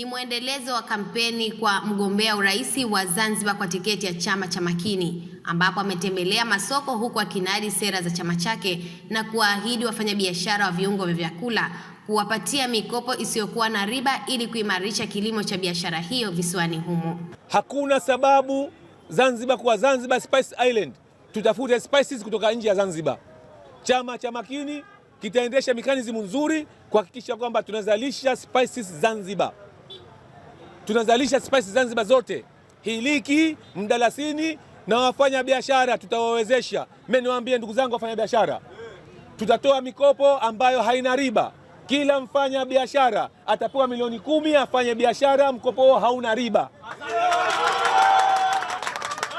Ni mwendelezo wa kampeni kwa mgombea urais wa Zanzibar kwa tiketi ya chama cha Makini ambapo ametembelea masoko huku akinadi sera za chama chake na kuwaahidi wafanyabiashara wa viungo vya vyakula kuwapatia mikopo isiyokuwa na riba ili kuimarisha kilimo cha biashara hiyo visiwani humo. Hakuna sababu Zanzibar kuwa Zanzibar Spice Island, tutafute spices kutoka nje ya Zanzibar. Chama cha Makini kitaendesha mekanizimu nzuri kuhakikisha kwamba tunazalisha spices Zanzibar tunazalisha spice Zanzibar zote, hiliki, mdalasini na wafanya biashara tutawawezesha. Mimi niwaambie ndugu zangu wafanya biashara, tutatoa mikopo ambayo haina riba. Kila mfanya biashara atapewa milioni kumi afanye biashara, mkopo huo hauna riba.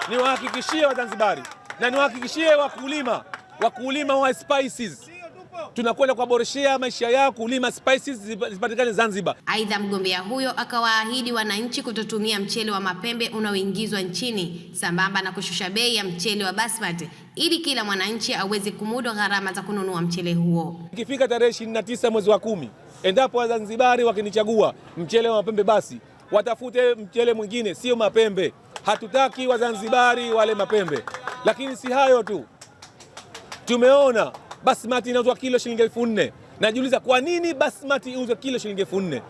Niwahakikishie Wazanzibari na niwahakikishie wakulima, wakulima wa spices tunakwenda kuwaboreshea maisha yao kulima spices zipatikane Zanzibar. Aidha, mgombea huyo akawaahidi wananchi kutotumia mchele wa mapembe unaoingizwa nchini sambamba na kushusha bei ya mchele wa basmati ili kila mwananchi aweze kumudu gharama za kununua mchele huo. Ikifika tarehe 29 mwezi wa kumi, endapo Wazanzibari wakinichagua mchele wa mapembe, basi watafute mchele mwingine, sio mapembe. Hatutaki Wazanzibari wale mapembe. Lakini si hayo tu, tumeona basmati inauzwa kilo shilingi elfu nne. Najiuliza kwa nini basmati iuzwe kilo shilingi elfu nne?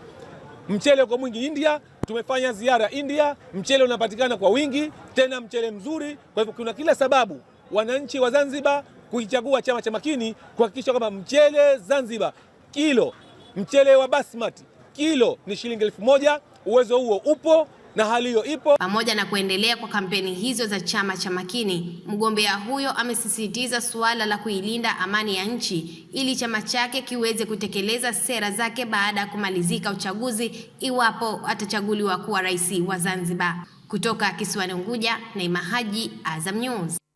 Mchele uko mwingi India, tumefanya ziara India, mchele unapatikana kwa wingi, tena mchele mzuri. Kwa hivyo kuna kila sababu wananchi wa Zanzibar kuichagua Chama cha Makini kuhakikisha kwamba mchele Zanzibar kilo, mchele wa basmati kilo ni shilingi elfu moja. Uwezo huo upo na hali hiyo ipo. Pamoja na kuendelea kwa kampeni hizo za chama cha Makini, mgombea huyo amesisitiza suala la kuilinda amani ya nchi ili chama chake kiweze kutekeleza sera zake baada ya kumalizika uchaguzi, iwapo atachaguliwa kuwa rais wa Zanzibar. Kutoka kisiwani Unguja, Naima Haji, Azam News.